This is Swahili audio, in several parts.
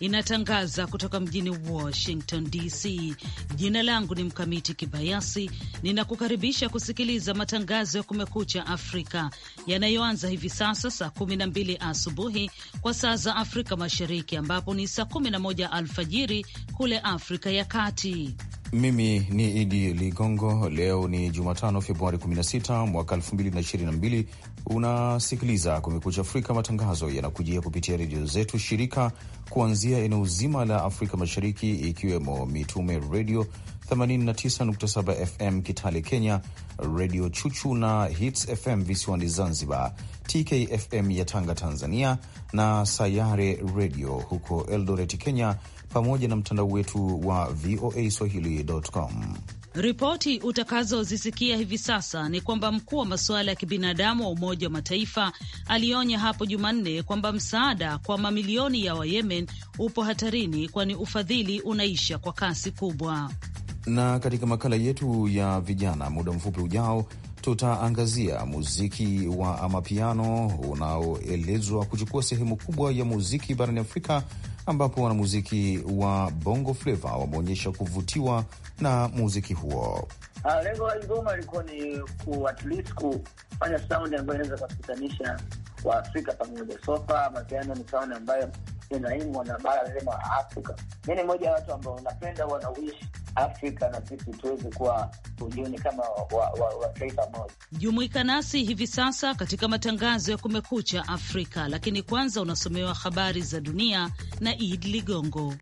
inatangaza kutoka mjini Washington DC. Jina langu ni Mkamiti Kibayasi, ninakukaribisha kusikiliza matangazo ya Kumekucha Afrika yanayoanza hivi sasa saa 12 asubuhi kwa saa za Afrika Mashariki, ambapo ni saa 11 alfajiri kule Afrika ya Kati. Mimi ni Idi Ligongo. Leo ni Jumatano, Februari 16 mwaka 2022. Unasikiliza Kumekucha Afrika. Matangazo yanakujia kupitia redio zetu shirika kuanzia eneo zima la Afrika Mashariki, ikiwemo Mitume Redio 89.7 FM Kitale Kenya, Redio Chuchu na Hits FM visiwani Zanzibar, TKFM ya Tanga Tanzania, na Sayare Redio huko Eldoret Kenya, pamoja na mtandao wetu wa VOA swahili.com. Ripoti utakazozisikia hivi sasa ni kwamba mkuu wa masuala ya kibinadamu wa Umoja wa Mataifa alionya hapo Jumanne kwamba msaada kwa mamilioni ya Wayemen upo hatarini, kwani ufadhili unaisha kwa kasi kubwa. Na katika makala yetu ya vijana muda mfupi ujao tutaangazia muziki wa amapiano unaoelezwa kuchukua sehemu kubwa ya muziki barani Afrika ambapo wanamuziki wa Bongo Flava wameonyesha kuvutiwa na muziki huo. Ah, lengo la ngoma ilikuwa ni ku at least kufanya saundi ambayo inaweza wa Waafrika pamoja. Sofa mapiano ni saundi ambayo inaimwa na bara zima la Afrika. Mi ni moja ya watu ambao napenda wanawishi Afrika na sisi tuweze kuwa unioni kama wa, wa, wa moja. Jumuika nasi hivi sasa katika matangazo ya Kumekucha Afrika, lakini kwanza unasomewa habari za dunia na Id Ligongo.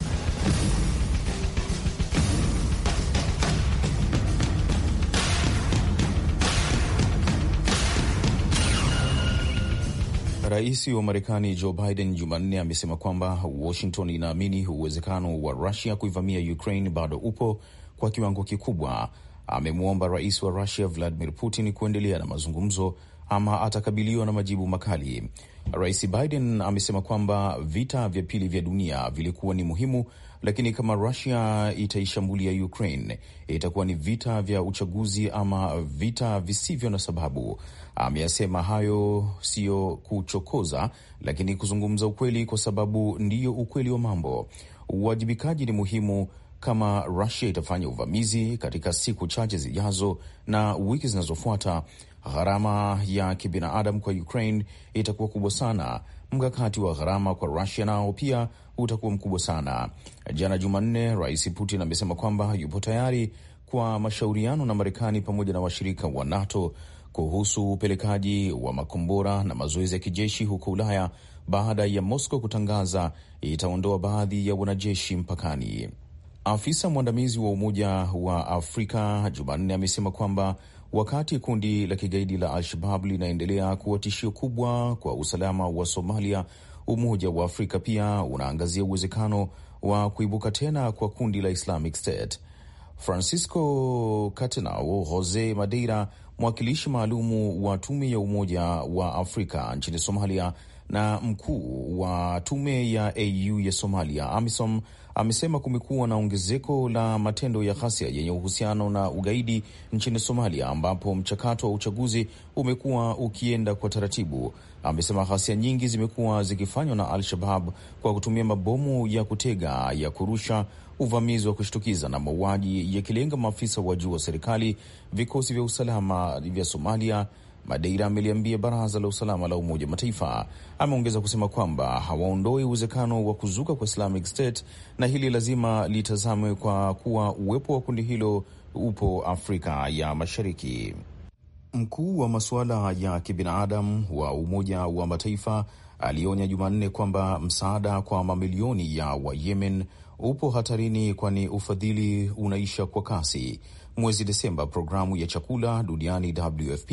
Rais wa Marekani Joe Biden Jumanne amesema kwamba Washington inaamini uwezekano wa Rusia kuivamia Ukraine bado upo kwa kiwango kikubwa. Amemwomba rais wa Rusia Vladimir Putin kuendelea na mazungumzo ama atakabiliwa na majibu makali. Rais Biden amesema kwamba vita vya pili vya dunia vilikuwa ni muhimu, lakini kama Rusia itaishambulia Ukraine itakuwa ni vita vya uchaguzi ama vita visivyo na sababu. Ameyasema hayo siyo kuchokoza, lakini kuzungumza ukweli, kwa sababu ndiyo ukweli wa mambo. Uwajibikaji ni muhimu. Kama Rusia itafanya uvamizi katika siku chache zijazo na wiki zinazofuata, gharama ya kibinadamu kwa Ukraine itakuwa kubwa sana. Mkakati wa gharama kwa Rusia nao pia utakuwa mkubwa sana. Jana Jumanne, Rais Putin amesema kwamba yupo tayari kwa mashauriano na Marekani pamoja na washirika wa NATO kuhusu upelekaji wa makombora na mazoezi ya kijeshi huko Ulaya baada ya Moscow kutangaza itaondoa baadhi ya wanajeshi mpakani. Afisa mwandamizi wa Umoja wa Afrika Jumanne amesema kwamba wakati kundi la kigaidi la Al-Shabab linaendelea kuwa tishio kubwa kwa usalama wa Somalia, Umoja wa Afrika pia unaangazia uwezekano wa kuibuka tena kwa kundi la Islamic State. Francisco Catenau Jose Madeira mwakilishi maalumu wa tume ya Umoja wa Afrika nchini Somalia na mkuu wa tume ya AU ya Somalia AMISOM amesema kumekuwa na ongezeko la matendo ya ghasia yenye uhusiano na ugaidi nchini Somalia, ambapo mchakato wa uchaguzi umekuwa ukienda kwa taratibu. Amesema ghasia nyingi zimekuwa zikifanywa na Al-Shabab kwa kutumia mabomu ya kutega ya kurusha uvamizi wa kushtukiza na mauaji yakilenga maafisa wa juu wa serikali, vikosi vya usalama vya Somalia, Madeira ameliambia baraza la usalama la Umoja Mataifa. Ameongeza kusema kwamba hawaondoi uwezekano wa kuzuka kwa Islamic State na hili lazima litazamwe kwa kuwa uwepo wa kundi hilo upo Afrika ya Mashariki. Mkuu wa masuala ya kibinadamu wa Umoja wa Mataifa alionya Jumanne kwamba msaada kwa mamilioni ya Wayemen upo hatarini, kwani ufadhili unaisha kwa kasi. Mwezi Desemba, programu ya chakula duniani WFP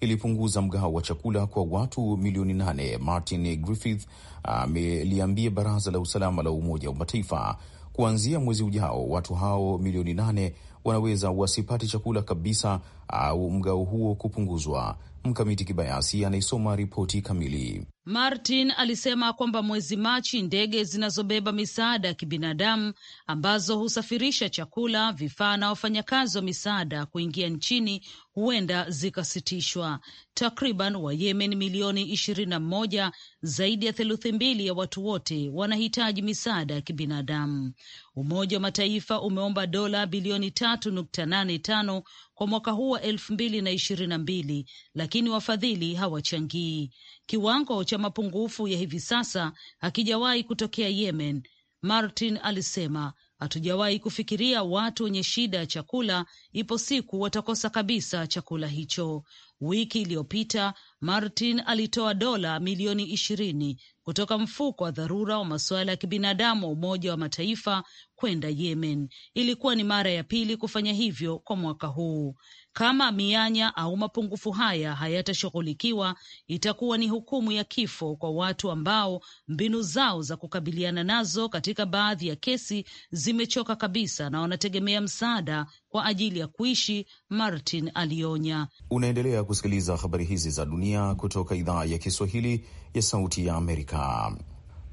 ilipunguza mgao wa chakula kwa watu milioni nane. Martin Griffith ameliambia baraza la usalama la Umoja wa Mataifa kuanzia mwezi ujao watu hao milioni nane wanaweza wasipate chakula kabisa au mgao huo kupunguzwa. Mkamiti Kibayasi anaisoma ripoti kamili. Martin alisema kwamba mwezi Machi ndege zinazobeba misaada ya kibinadamu ambazo husafirisha chakula, vifaa na wafanyakazi wa misaada kuingia nchini huenda zikasitishwa. Takriban Wayemen milioni ishirini na moja, zaidi ya theluthi mbili ya watu wote wanahitaji misaada ya kibinadamu. Umoja wa Mataifa umeomba dola bilioni tatu nukta nane tano kwa mwaka huu wa elfu mbili na ishirini na mbili, lakini wafadhili hawachangii. Kiwango cha mapungufu ya hivi sasa hakijawahi kutokea Yemen, Martin alisema. Hatujawahi kufikiria watu wenye shida ya chakula, ipo siku watakosa kabisa chakula hicho. Wiki iliyopita Martin alitoa dola milioni ishirini kutoka mfuko wa dharura wa masuala ya kibinadamu wa Umoja wa Mataifa kwenda Yemen. Ilikuwa ni mara ya pili kufanya hivyo kwa mwaka huu. Kama mianya au mapungufu haya hayatashughulikiwa, itakuwa ni hukumu ya kifo kwa watu ambao mbinu zao za kukabiliana nazo katika baadhi ya kesi zimechoka kabisa na wanategemea msaada kwa ajili ya kuishi, Martin alionya. Unaendelea kusikiliza habari hizi za dunia kutoka idhaa ya Kiswahili ya Sauti ya Amerika.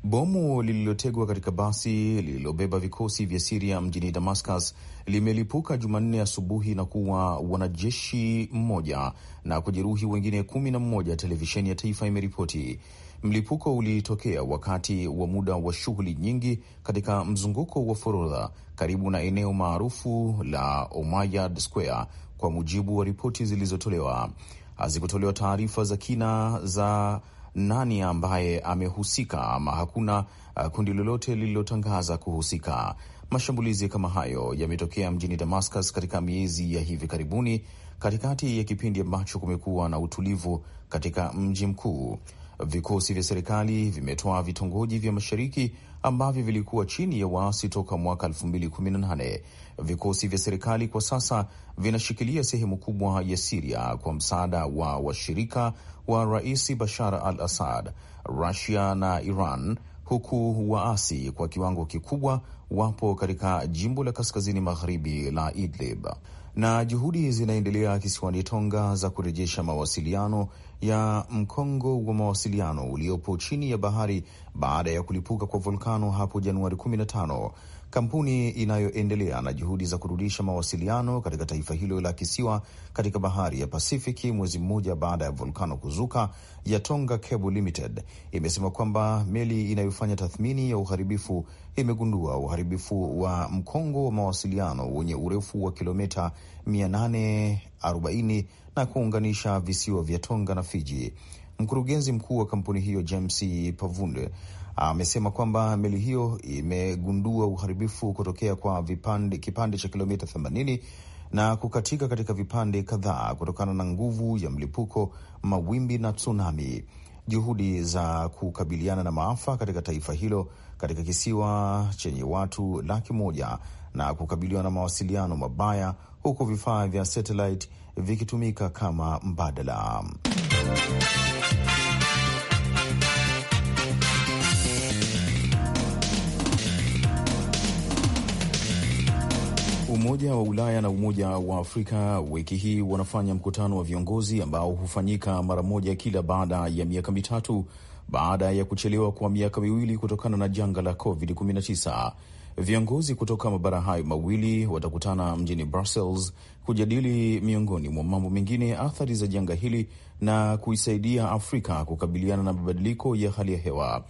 Bomu lililotegwa katika basi lililobeba vikosi vya Siria mjini Damascus limelipuka Jumanne asubuhi na kuwa wanajeshi mmoja na kujeruhi wengine kumi na mmoja, televisheni ya taifa imeripoti. Mlipuko ulitokea wakati wa muda wa shughuli nyingi katika mzunguko wa forodha karibu na eneo maarufu la Umayyad Square, kwa mujibu wa ripoti zilizotolewa. Hazikutolewa taarifa za kina za nani ambaye amehusika ama hakuna uh, kundi lolote lililotangaza kuhusika. Mashambulizi kama hayo yametokea mjini Damascus katika miezi ya hivi karibuni, katikati ya kipindi ambacho kumekuwa na utulivu katika mji mkuu. Vikosi vya serikali vimetoa vitongoji vya mashariki ambavyo vilikuwa chini ya waasi toka mwaka 2018. Vikosi vya serikali kwa sasa vinashikilia sehemu kubwa ya Siria kwa msaada wa washirika wa Rais Bashar al-Assad, Rusia na Iran, huku waasi kwa kiwango kikubwa wapo katika jimbo la kaskazini magharibi la Idlib na juhudi zinaendelea kisiwani Tonga za kurejesha mawasiliano ya mkongo wa mawasiliano uliopo chini ya bahari baada ya kulipuka kwa volkano hapo Januari 15 kampuni inayoendelea na juhudi za kurudisha mawasiliano katika taifa hilo la kisiwa katika bahari ya Pasifiki, mwezi mmoja baada ya volkano kuzuka ya Tonga Cable Limited imesema kwamba meli inayofanya tathmini ya uharibifu imegundua uharibifu wa mkongo wa mawasiliano wenye urefu wa kilomita 840 na kuunganisha visiwa vya Tonga na Fiji. Mkurugenzi mkuu wa kampuni hiyo James Pavunde amesema kwamba meli hiyo imegundua uharibifu kutokea kwa vipande, kipande cha kilomita 80 na kukatika katika vipande kadhaa kutokana na nguvu ya mlipuko, mawimbi na tsunami. Juhudi za kukabiliana na maafa katika taifa hilo katika kisiwa chenye watu laki moja na kukabiliwa na mawasiliano mabaya, huku vifaa vya satellite vikitumika kama mbadala Umoja wa Ulaya na Umoja wa Afrika wiki hii wanafanya mkutano wa viongozi ambao hufanyika mara moja kila baada ya miaka mitatu baada ya kuchelewa kwa miaka miwili kutokana na janga la COVID-19. Viongozi kutoka mabara hayo mawili watakutana mjini Brussels kujadili miongoni mwa mambo mengine athari za janga hili na kuisaidia Afrika kukabiliana na mabadiliko ya hali ya hewa.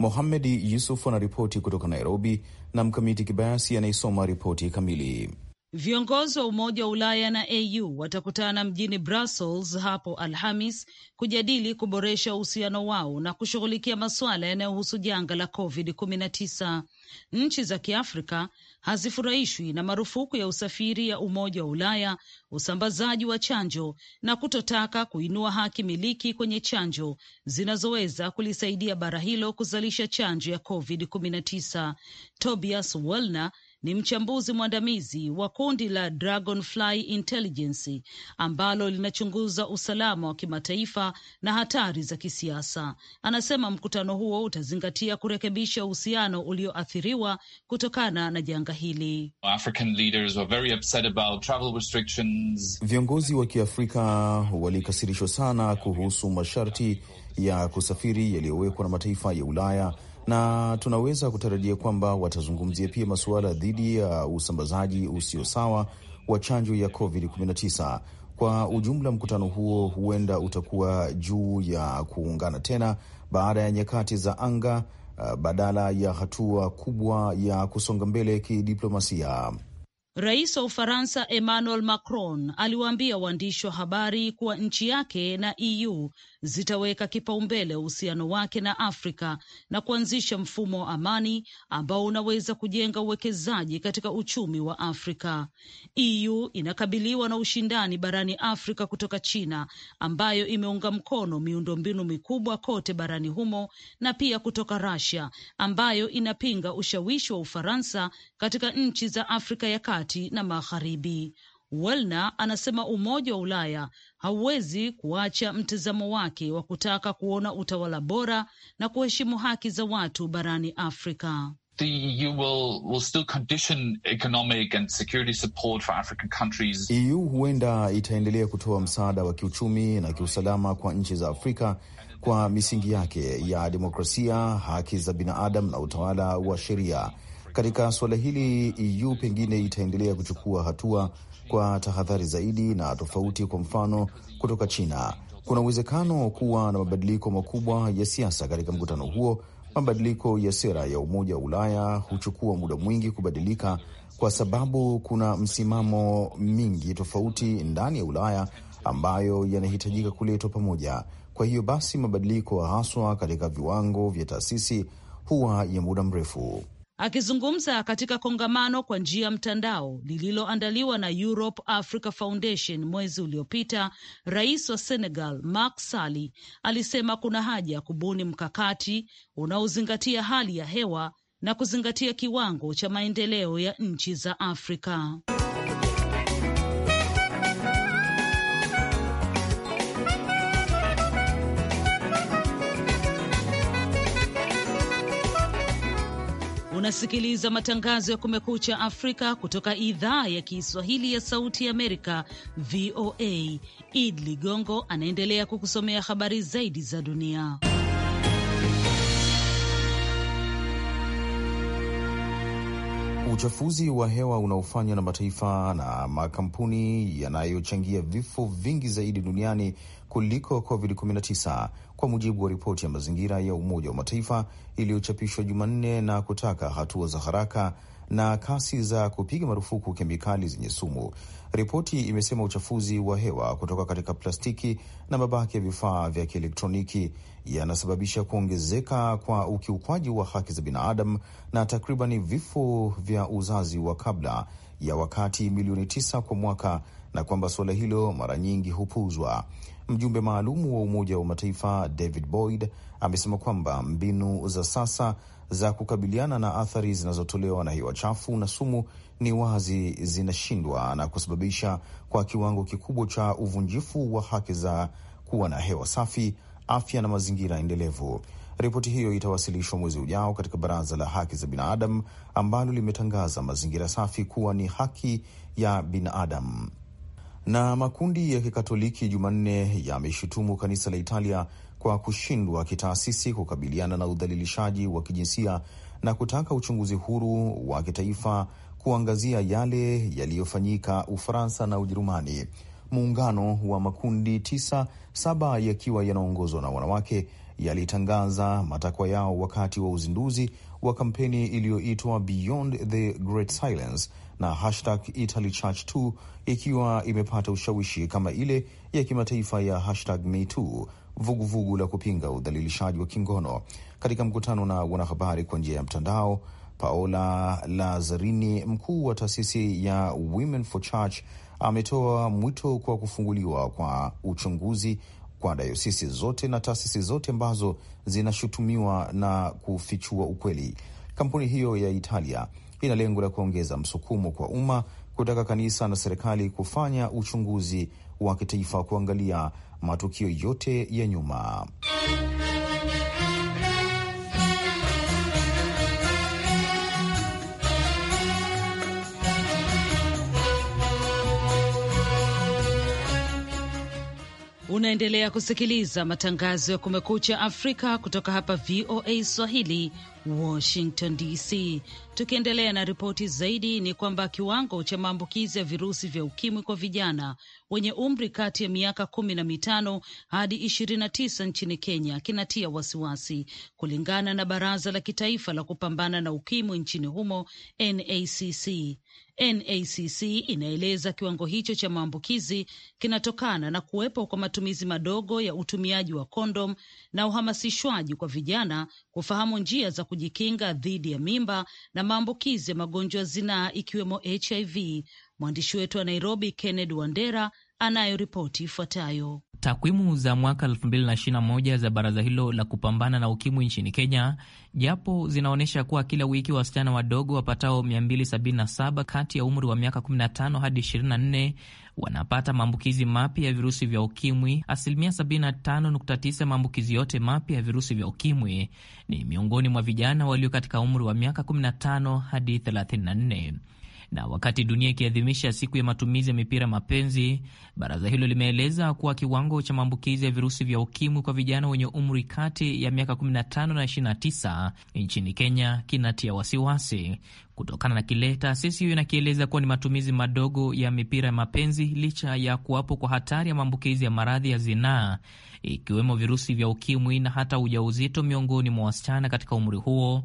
Mohamed Yusuf anaripoti kutoka Nairobi na Mkamiti Kibayasi anayesoma ripoti kamili. Viongozi wa Umoja wa Ulaya na AU watakutana mjini Brussels hapo Alhamis kujadili kuboresha uhusiano wao na kushughulikia masuala yanayohusu janga la COVID-19. Nchi za Kiafrika hazifurahishwi na marufuku ya usafiri ya Umoja wa Ulaya, usambazaji wa chanjo na kutotaka kuinua haki miliki kwenye chanjo zinazoweza kulisaidia bara hilo kuzalisha chanjo ya COVID-19. Tobias Wellner ni mchambuzi mwandamizi wa kundi la Dragonfly Intelligence ambalo linachunguza usalama wa kimataifa na hatari za kisiasa. Anasema mkutano huo utazingatia kurekebisha uhusiano ulioathiriwa kutokana na janga hili. Viongozi wa Kiafrika walikasirishwa sana kuhusu masharti ya kusafiri yaliyowekwa na mataifa ya Ulaya na tunaweza kutarajia kwamba watazungumzia pia masuala dhidi ya usambazaji usio sawa wa chanjo ya COVID-19. Kwa ujumla, mkutano huo huenda utakuwa juu ya kuungana tena baada ya nyakati za anga uh, badala ya hatua kubwa ya kusonga mbele kidiplomasia. Rais wa Ufaransa Emmanuel Macron aliwaambia waandishi wa habari kuwa nchi yake na EU zitaweka kipaumbele uhusiano wake na Afrika na kuanzisha mfumo wa amani ambao unaweza kujenga uwekezaji katika uchumi wa Afrika. EU inakabiliwa na ushindani barani Afrika kutoka China ambayo imeunga mkono miundombinu mikubwa kote barani humo na pia kutoka Russia ambayo inapinga ushawishi wa Ufaransa katika nchi za Afrika ya kati na magharibi. Welner anasema Umoja wa Ulaya hauwezi kuacha mtazamo wake wa kutaka kuona utawala bora na kuheshimu haki za watu barani Afrika. The EU will, will still condition economic and security support for African countries. EU huenda itaendelea kutoa msaada wa kiuchumi na kiusalama kwa nchi za Afrika kwa misingi yake ya demokrasia, haki za binadamu na utawala wa sheria. Katika suala hili, EU pengine itaendelea kuchukua hatua kwa tahadhari zaidi na tofauti, kwa mfano kutoka China. Kuna uwezekano kuwa na mabadiliko makubwa ya siasa katika mkutano huo. Mabadiliko ya sera ya Umoja wa Ulaya huchukua muda mwingi kubadilika, kwa sababu kuna msimamo mingi tofauti ndani ya Ulaya ambayo yanahitajika kuletwa pamoja. Kwa hiyo basi, mabadiliko haswa katika viwango vya taasisi huwa ya muda mrefu. Akizungumza katika kongamano kwa njia ya mtandao lililoandaliwa na Europe Africa Foundation mwezi uliopita, rais wa Senegal mak Sali alisema kuna haja ya kubuni mkakati unaozingatia hali ya hewa na kuzingatia kiwango cha maendeleo ya nchi za Afrika. Unasikiliza matangazo ya Kumekucha Afrika kutoka idhaa ya Kiswahili ya Sauti ya Amerika, VOA. Id Ligongo anaendelea kukusomea habari zaidi za dunia. Uchafuzi wa hewa unaofanywa na mataifa na makampuni yanayochangia vifo vingi zaidi duniani kuliko COVID-19 kwa mujibu wa ripoti ya mazingira ya Umoja wa Mataifa iliyochapishwa Jumanne na kutaka hatua za haraka na kasi za kupiga marufuku kemikali zenye sumu Ripoti imesema uchafuzi wa hewa kutoka katika plastiki na mabaki ya vifaa vya kielektroniki yanasababisha kuongezeka kwa ukiukwaji wa haki za binadamu na takribani vifo vya uzazi wa kabla ya wakati milioni tisa kwa mwaka na kwamba suala hilo mara nyingi hupuuzwa. Mjumbe maalum wa Umoja wa Mataifa David Boyd amesema kwamba mbinu za sasa za kukabiliana na athari zinazotolewa na hewa chafu na sumu ni wazi zinashindwa na kusababisha kwa kiwango kikubwa cha uvunjifu wa haki za kuwa na hewa safi, afya na mazingira endelevu. Ripoti hiyo itawasilishwa mwezi ujao katika Baraza la Haki za Binadamu ambalo limetangaza mazingira safi kuwa ni haki ya binadamu. Na makundi ya Kikatoliki Jumanne yameshutumu kanisa la Italia kwa kushindwa kitaasisi kukabiliana na udhalilishaji wa kijinsia na kutaka uchunguzi huru wa kitaifa kuangazia yale yaliyofanyika Ufaransa na Ujerumani. Muungano wa makundi tisa, saba yakiwa yanaongozwa na wanawake, yalitangaza matakwa yao wakati wa uzinduzi wa kampeni iliyoitwa Beyond the Great Silence na hashtag Italy Church 2 ikiwa imepata ushawishi kama ile ya kimataifa ya hashtag Me Too, vuguvugu la kupinga udhalilishaji wa kingono. Katika mkutano na wanahabari kwa njia ya mtandao, Paola lazarini mkuu wa taasisi ya Women for Church, ametoa mwito kwa kufunguliwa kwa uchunguzi kwa dayosisi zote na taasisi zote ambazo zinashutumiwa na kufichua ukweli. Kampuni hiyo ya Italia ina lengo la kuongeza msukumo kwa umma kutaka kanisa na serikali kufanya uchunguzi wa kitaifa kuangalia matukio yote ya nyuma. Unaendelea kusikiliza matangazo ya Kumekucha Afrika kutoka hapa VOA Swahili, Washington DC. Tukiendelea na ripoti zaidi, ni kwamba kiwango cha maambukizi ya virusi vya ukimwi kwa vijana wenye umri kati ya miaka kumi na mitano hadi ishirini na tisa nchini Kenya kinatia wasiwasi, kulingana na Baraza la Kitaifa la Kupambana na Ukimwi nchini humo NACC. NACC inaeleza kiwango hicho cha maambukizi kinatokana na kuwepo kwa matumizi madogo ya utumiaji wa kondom na uhamasishwaji kwa vijana kufahamu njia za kujikinga dhidi ya mimba na maambukizi ya magonjwa zinaa ikiwemo HIV. Mwandishi wetu wa Nairobi, Kennedy Wandera, anayo ripoti ifuatayo. Takwimu za mwaka 2021 za baraza hilo la kupambana na ukimwi nchini Kenya japo zinaonyesha kuwa kila wiki wasichana wadogo wapatao 277 kati ya umri wa miaka 15 hadi 24 wanapata maambukizi mapya ya virusi vya ukimwi. Asilimia 75.9 maambukizi yote mapya ya virusi vya ukimwi ni miongoni mwa vijana walio katika umri wa miaka 15 hadi 34. Na wakati dunia ikiadhimisha siku ya matumizi ya mipira mapenzi, baraza hilo limeeleza kuwa kiwango cha maambukizi ya virusi vya ukimwi kwa vijana wenye umri kati ya miaka 15 na 29 nchini Kenya kinatia wasiwasi kutokana na kile taasisi hiyo inakieleza kuwa ni matumizi madogo ya mipira ya mapenzi licha ya kuwapo kwa hatari ya maambukizi ya maradhi ya zinaa ikiwemo virusi vya ukimwi na hata ujauzito miongoni mwa wasichana katika umri huo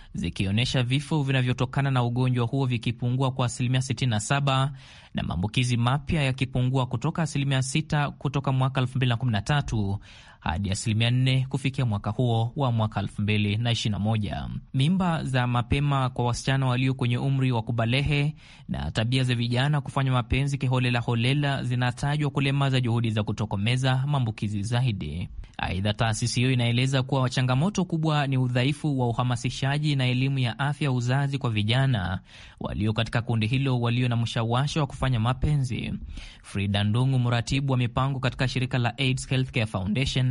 zikionyesha vifo vinavyotokana na ugonjwa huo vikipungua kwa asilimia 67 na maambukizi mapya yakipungua kutoka asilimia 6 kutoka mwaka 2013 hadi asilimia nne kufikia mwaka huo wa mwaka 2021. Mimba za mapema kwa wasichana walio kwenye umri wa kubalehe na tabia za vijana kufanya mapenzi kiholela holela zinatajwa kulemaza juhudi za kutokomeza maambukizi zaidi. Aidha, taasisi hiyo inaeleza kuwa changamoto kubwa ni udhaifu wa uhamasishaji na elimu ya afya uzazi kwa vijana walio katika kundi hilo walio na mshawasho wa kufanya mapenzi. Frida Ndungu, mratibu wa mipango katika shirika la AIDS Healthcare Foundation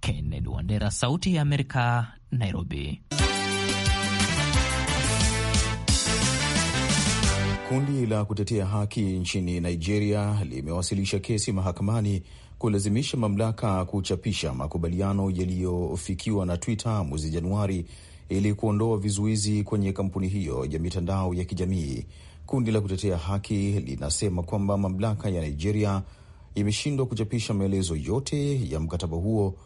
Kennedy Wandera, Sauti ya Amerika, Nairobi. Kundi la kutetea haki nchini Nigeria limewasilisha kesi mahakamani kulazimisha mamlaka kuchapisha makubaliano yaliyofikiwa na Twitter mwezi Januari ili kuondoa vizuizi kwenye kampuni hiyo ya mitandao ya kijamii. Kundi la kutetea haki linasema kwamba mamlaka ya Nigeria imeshindwa kuchapisha maelezo yote ya mkataba huo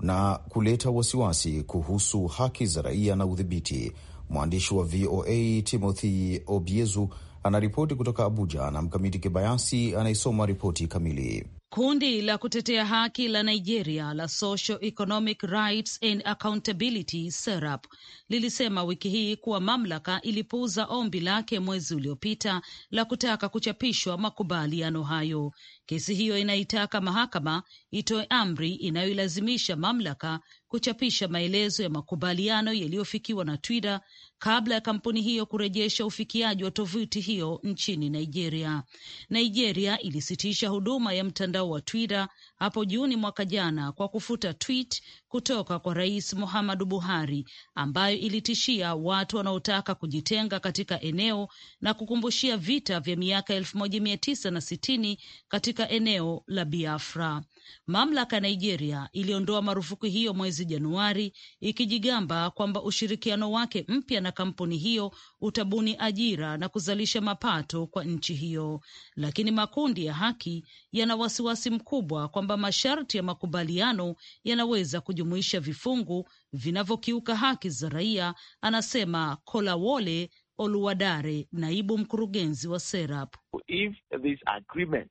na kuleta wasiwasi kuhusu haki za raia na udhibiti. Mwandishi wa VOA Timothy Obiezu anaripoti kutoka Abuja na Mkamiti Kibayasi anayesoma ripoti kamili. Kundi la kutetea haki la Nigeria la Social Economic Rights and Accountability SERAP lilisema wiki hii kuwa mamlaka ilipuuza ombi lake mwezi uliopita la kutaka kuchapishwa makubaliano hayo Kesi hiyo inaitaka mahakama itoe amri inayoilazimisha mamlaka kuchapisha maelezo ya makubaliano yaliyofikiwa na Twitter kabla ya kampuni hiyo kurejesha ufikiaji wa tovuti hiyo nchini Nigeria. Nigeria ilisitisha huduma ya mtandao wa Twitter hapo Juni mwaka jana kwa kufuta tweet kutoka kwa Rais Muhammadu Buhari ambayo ilitishia watu wanaotaka kujitenga katika eneo na kukumbushia vita vya miaka elfu moja mia tisa na sitini katika eneo la Biafra. Mamlaka ya Nigeria iliondoa marufuku hiyo mwezi Januari, ikijigamba kwamba ushirikiano wake mpya na kampuni hiyo utabuni ajira na kuzalisha mapato kwa nchi hiyo, lakini makundi ya haki yana wasiwasi mkubwa kwamba masharti ya makubaliano yanaweza kujumuisha vifungu vinavyokiuka haki za raia, anasema Kolawole Oluwadare, naibu mkurugenzi wa Serap. If this agreement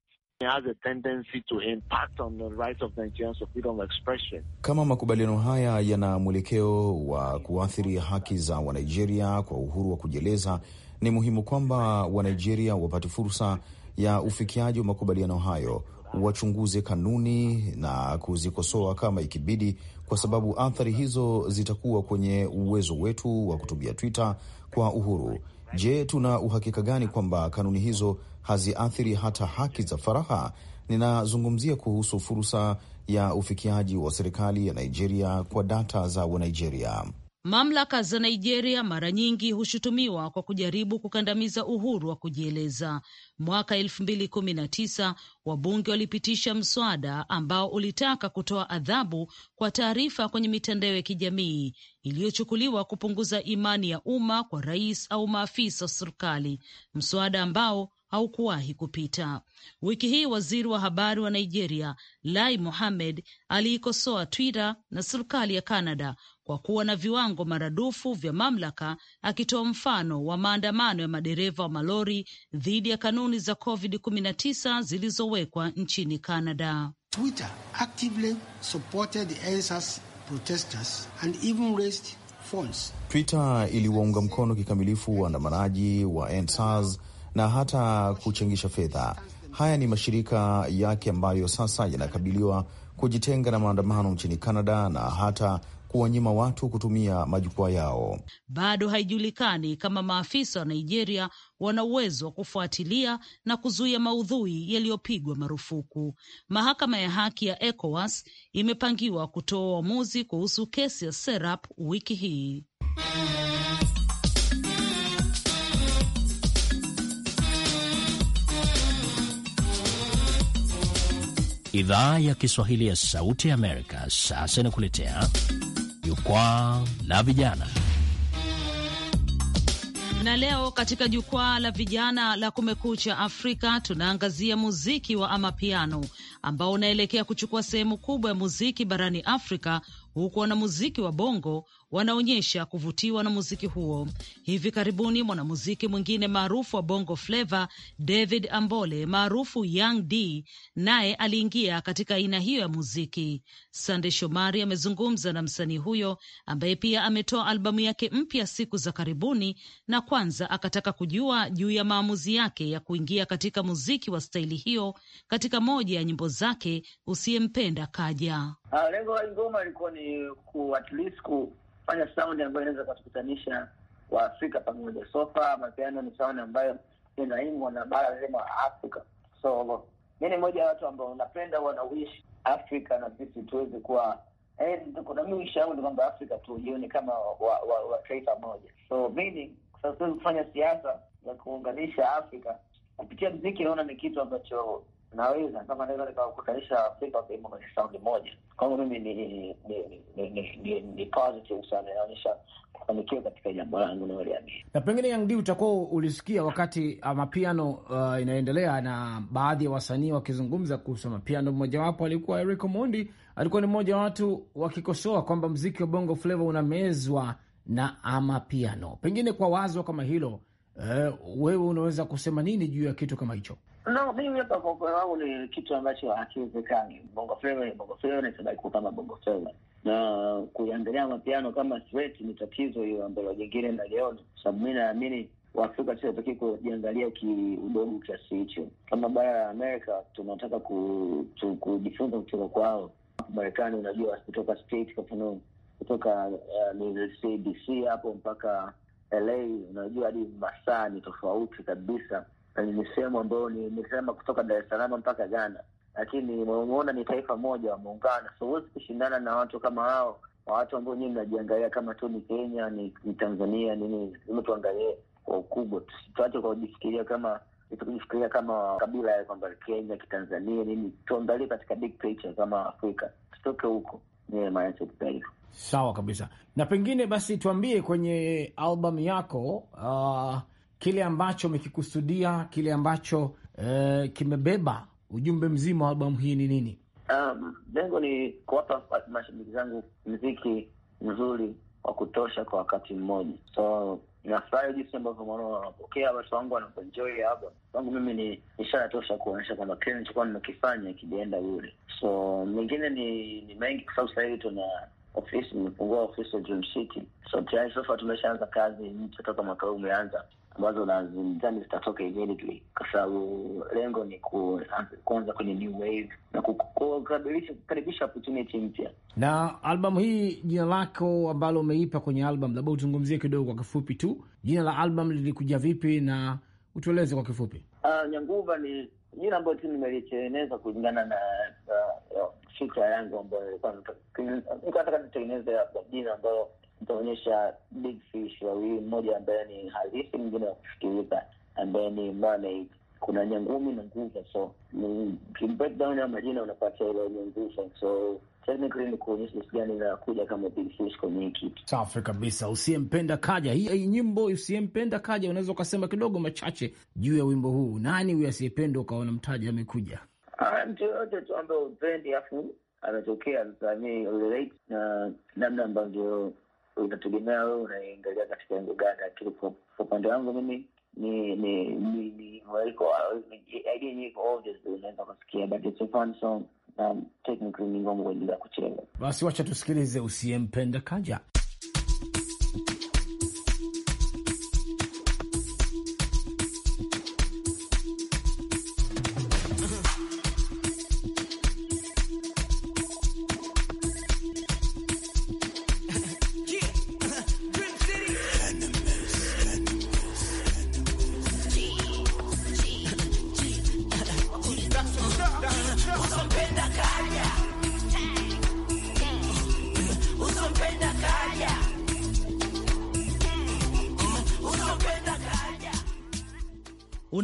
kama makubaliano haya yana mwelekeo wa kuathiri haki za Wanigeria kwa uhuru wa kujieleza, ni muhimu kwamba Wanigeria wapate fursa ya ufikiaji wa makubaliano hayo, wachunguze kanuni na kuzikosoa kama ikibidi, kwa sababu athari hizo zitakuwa kwenye uwezo wetu wa kutumia Twitter kwa uhuru. Je, tuna uhakika gani kwamba kanuni hizo haziathiri hata haki za faraha Ninazungumzia kuhusu fursa ya ufikiaji wa serikali ya Nigeria kwa data za Wanigeria. Mamlaka za Nigeria mara nyingi hushutumiwa kwa kujaribu kukandamiza uhuru wa kujieleza. Mwaka elfu mbili kumi na tisa wabunge walipitisha mswada ambao ulitaka kutoa adhabu kwa taarifa kwenye mitandao ya kijamii iliyochukuliwa kupunguza imani ya umma kwa rais au maafisa wa serikali, mswada ambao haukuwahi kupita. Wiki hii waziri wa habari wa Nigeria Lai Mohammed aliikosoa Twitter na serikali ya Canada kwa kuwa na viwango maradufu vya mamlaka, akitoa mfano wa maandamano ya madereva wa malori dhidi ya kanuni za COVID-19 zilizowekwa nchini Canada. Twitter actively supported the protesters and even raised funds. Twitter iliwaunga mkono kikamilifu waandamanaji wa ENSAS na hata kuchangisha fedha. Haya ni mashirika yake ambayo sasa yanakabiliwa kujitenga na maandamano nchini Kanada na hata kuwanyima watu kutumia majukwaa yao. Bado haijulikani kama maafisa wa Nigeria wana uwezo wa kufuatilia na kuzuia maudhui yaliyopigwa marufuku. Mahakama ya haki ya ECOWAS imepangiwa kutoa uamuzi kuhusu kesi ya Serap wiki hii. Idhaa ya Kiswahili ya Sauti Amerika sasa inakuletea jukwaa la vijana na leo katika jukwaa la vijana la Kumekucha Afrika tunaangazia muziki wa amapiano ambao unaelekea kuchukua sehemu kubwa ya muziki barani Afrika, huku wanamuziki wa bongo wanaonyesha kuvutiwa na muziki huo. Hivi karibuni mwanamuziki mwingine maarufu wa bongo flava David Ambole maarufu Young D naye aliingia katika aina hiyo ya muziki. Sande Shomari amezungumza na msanii huyo ambaye pia ametoa albamu yake mpya siku za karibuni, na kwanza akataka kujua juu ya maamuzi yake ya kuingia katika muziki wa staili hiyo katika moja ya nyimbo zake Usiyempenda Kaja. Uh, lengo la ngoma ilikuwa ni ku at least kufanya sound ambayo inaweza kuwatukutanisha Waafrika pamoja. So far mapiano ni sound ambayo inaimwa na bara zima la Afrika, so mi ni moja ya watu ambao napenda wish Afrika na sisi tuweze kuwa eh, tuko na nami shauri kwamba Afrika tujione kama wa, wa, wa taifa moja. So mimi sasa siwezi kufanya siasa ya kuunganisha Afrika kupitia mziki, naona ni kitu ambacho naweza kama naweza nikawakutanisha Afrika wakiima kwenye saundi moja. Kwangu mimi ni ni ni ni ni positive sana, inaonyesha kufanikiwa katika jambo langu naoliamini. Na pengine Yang D utakuwa ulisikia wakati uh, mapiano uh, inaendelea na baadhi ya wasanii wakizungumza kuhusu mapiano. Mmojawapo alikuwa Eric Mondi, alikuwa ni mmoja wa watu wakikosoa kwamba mziki wa bongo flava unamezwa na amapiano. Pengine kwa wazo kama hilo, uh, wewe unaweza kusema nini juu ya kitu kama hicho? No, mimi hapa kwa upande wangu ni kitu ambacho hakiwezekani. Bongo Flava ni Bongo Flava na itabaki kama Bongo Flava, na kuiangalia mapiano kama sweti ni tatizo hiyo ambalo jingine naliona, kwa sababu mi naamini Waafrika si wataki kujiangalia kiudogo kiasi hicho. Kama bara ya Amerika tunataka kujifunza kutoka kwao. Marekani unajua, kutoka state kwa mfano, kutoka uh, DC hapo mpaka LA unajua hadi masaa ni tofauti kabisa ni sehemu ambayo nisema kutoka Dar es Salaam mpaka Ghana, lakini umeona ni taifa moja wa muungano. So huwezi kushindana na watu kama hao, watu ambao nyinyi mnajiangalia kama tu ni Kenya ni, ni Tanzania nini. Lazima tuangalie kwa ukubwa, tuache kwa kujifikiria kama kujifikiria kama kabila ya kwamba Kenya kitanzania nini, tuangalie katika big picture kama Afrika, tutoke huko niye maanisha Sawa kabisa. Na pengine basi tuambie kwenye albamu yako uh kile ambacho umekikusudia, kile ambacho eh, kimebeba ujumbe mzima wa albamu hii ni nini? Um, lengo um, ni kuwapa mashabiki zangu mziki mzuri wa kutosha kwa wakati mmoja. So nafurahi jinsi ambavyo mwanao wanapokea watu wangu wanapoenjoy hapa kwangu, mimi ni ishara tosha kuonyesha kwamba kile nilichokuwa nimekifanya kijaenda bure. So mengine ni, ni mengi kwa sababu sahivi tuna ofisi nimefungua ofisi ya Dream City. So tayari sasa tumeshaanza kazi mpya toka mwaka huu umeanza, ambazo nadhani zitatoka immediately, kwa sababu lengo ni kuanza kwenye new wave na kukaribisha opportunity mpya. Na albamu hii jina lako ambalo umeipa kwenye albamu, labda utuzungumzie kidogo kwa kifupi tu, jina la albamu lilikuja vipi na utueleze kwa kifupi. Uh, Nyanguva ni jina ambayo tu nimelitengeneza kulingana na uh, fikra yangu ambayo ilikuwa nataka nitengeneze labda jina ambayo nitaonyesha big fish wawili, mmoja ambaye ni halisi, mwingine wa kufikirika ambaye ni mermaid. Kuna nyangumi na nguva, so breakdown ya majina unapata ile yenye nguva so Safi kabisa. Usiyempenda kaja, hii nyimbo usiyempenda kaja. Unaweza ukasema kidogo machache juu ya wimbo huu, nani huyo asiyependwa ukaona mtaji amekuja? mtu ah, yoyote tu ambaye upendi afu ametokea sasa, relate na namna ambavyo unategemea wewe unaingalia katika engo gani, lakini kwa upande wangu mimi ni ni ni mwaliko idea obvious, unaweza kusikia but it's a fun song na technically ni ngumu kuendelea kucheza. Basi wacha tusikilize, usiyempenda Kaja.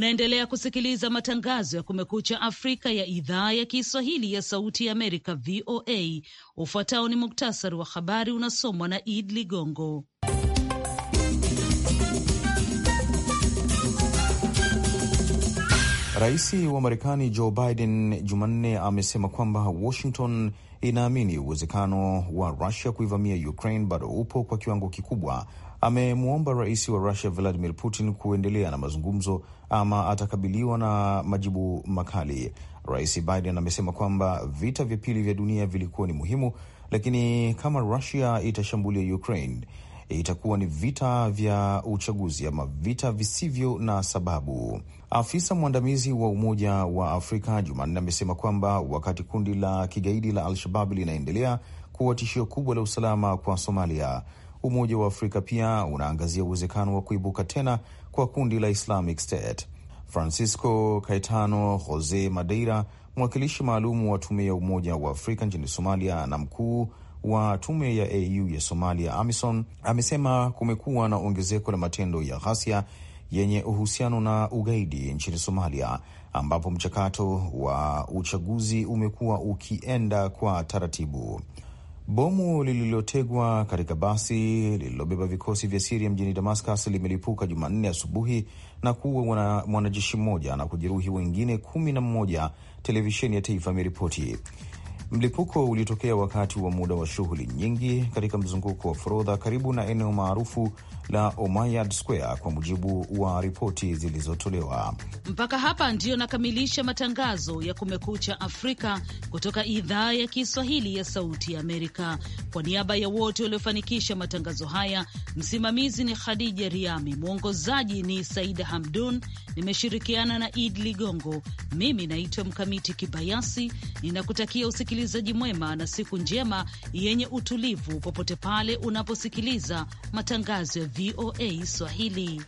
Unaendelea kusikiliza matangazo ya Kumekucha Afrika ya idhaa ya Kiswahili ya Sauti ya Amerika, VOA. Ufuatao ni muktasari wa habari unasomwa na Id Ligongo. Rais wa Marekani Joe Biden Jumanne amesema kwamba Washington inaamini uwezekano wa Rusia kuivamia Ukraine bado upo kwa kiwango kikubwa amemwomba rais wa Rusia Vladimir Putin kuendelea na mazungumzo ama atakabiliwa na majibu makali. Rais Biden amesema kwamba vita vya pili vya dunia vilikuwa ni muhimu, lakini kama Rusia itashambulia Ukraine itakuwa ni vita vya uchaguzi ama vita visivyo na sababu. Afisa mwandamizi wa Umoja wa Afrika Jumanne amesema kwamba wakati kundi la kigaidi la Al-Shabab linaendelea kuwa tishio kubwa la usalama kwa Somalia, Umoja wa Afrika pia unaangazia uwezekano wa kuibuka tena kwa kundi la Islamic State. Francisco Caetano Jose Madeira, mwakilishi maalum wa tume ya Umoja wa Afrika nchini Somalia na mkuu wa tume ya AU ya Somalia, AMISON, amesema kumekuwa na ongezeko la matendo ya ghasia yenye uhusiano na ugaidi nchini Somalia, ambapo mchakato wa uchaguzi umekuwa ukienda kwa taratibu. Bomu lililotegwa katika basi lililobeba vikosi vya Siria mjini Damascus limelipuka Jumanne asubuhi na kuua mwanajeshi mmoja na kujeruhi wengine kumi na mmoja, televisheni ya taifa imeripoti. Mlipuko ulitokea wakati wa muda wa shughuli nyingi katika mzunguko wa forodha karibu na eneo maarufu la Omayad Square, kwa mujibu wa ripoti zilizotolewa. Mpaka hapa ndiyo nakamilisha matangazo ya Kumekucha Afrika kutoka idhaa ya Kiswahili ya Sauti ya Amerika. Kwa niaba ya wote waliofanikisha matangazo haya, msimamizi ni Khadija Riami, mwongozaji ni Saida Hamdun, nimeshirikiana na Id Ligongo. Mimi naitwa Mkamiti Kibayasi, ninakutakia usikilizaji usikilizaji mwema na siku njema yenye utulivu popote pale unaposikiliza matangazo ya VOA Swahili.